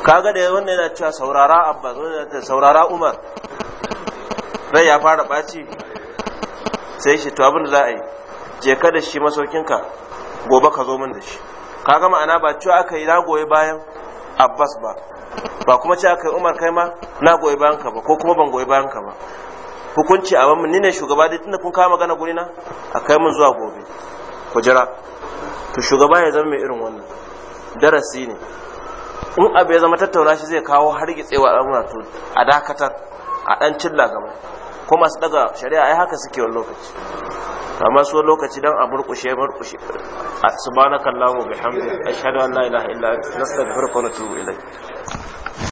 kaga da wannan yana cewa saurara abbas wannan yana saurara umar rai ya fara baci sai shi to abin da za a yi je ka da shi masaukinka gobe ka zo min da shi kaga ma'ana ba cewa aka yi na goyi bayan abbas ba ba kuma ce aka umar kai ma na goyi bayan ka ba ko kuma ban goyi bayan ka ba hukunci a ban ni ne shugaba dai tunda kun kawo magana guri na a kai mun zuwa gobe ku to shugaba ya zama mai irin wannan darasi ne in abu ya zama tattauna shi zai kawo har wa al'amura to a dakatar a dan cilla gaba ko masu daga shari'a ai haka suke wani lokaci amma so lokaci dan a murkushe murkushe subhanakallahumma bihamdika ashhadu an la ilaha illa anta astaghfiruka wa atubu ilayk